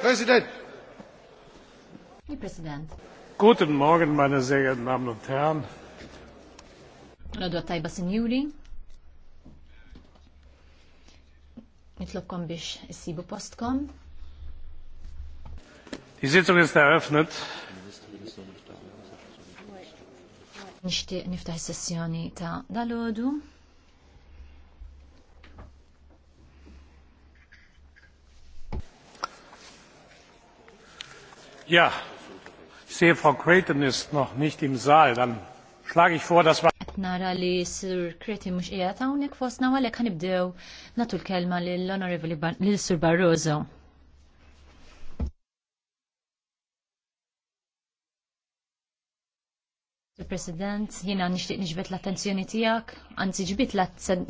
Präsident! Herr Präsident! Guten Morgen, meine sehr geehrten Damen und Herren! tajba sinjuri. Nitlobkom biex issibu postkom. Die Sitzung ist eröffnet. Nishti niftaħ sessjoni ta' dalodu. ich sehe, Frau Creighton ist noch nicht im Saal. Dann schlage ich vor, dass wir... nara li Sir Kreti mux ija ta' unik fosna għalek għanibdew natu l-kelma l-Honorable l-Sir Barroso. President, jina nishtiq nġbet l-attenzjoni tijak, għanzi ġbit l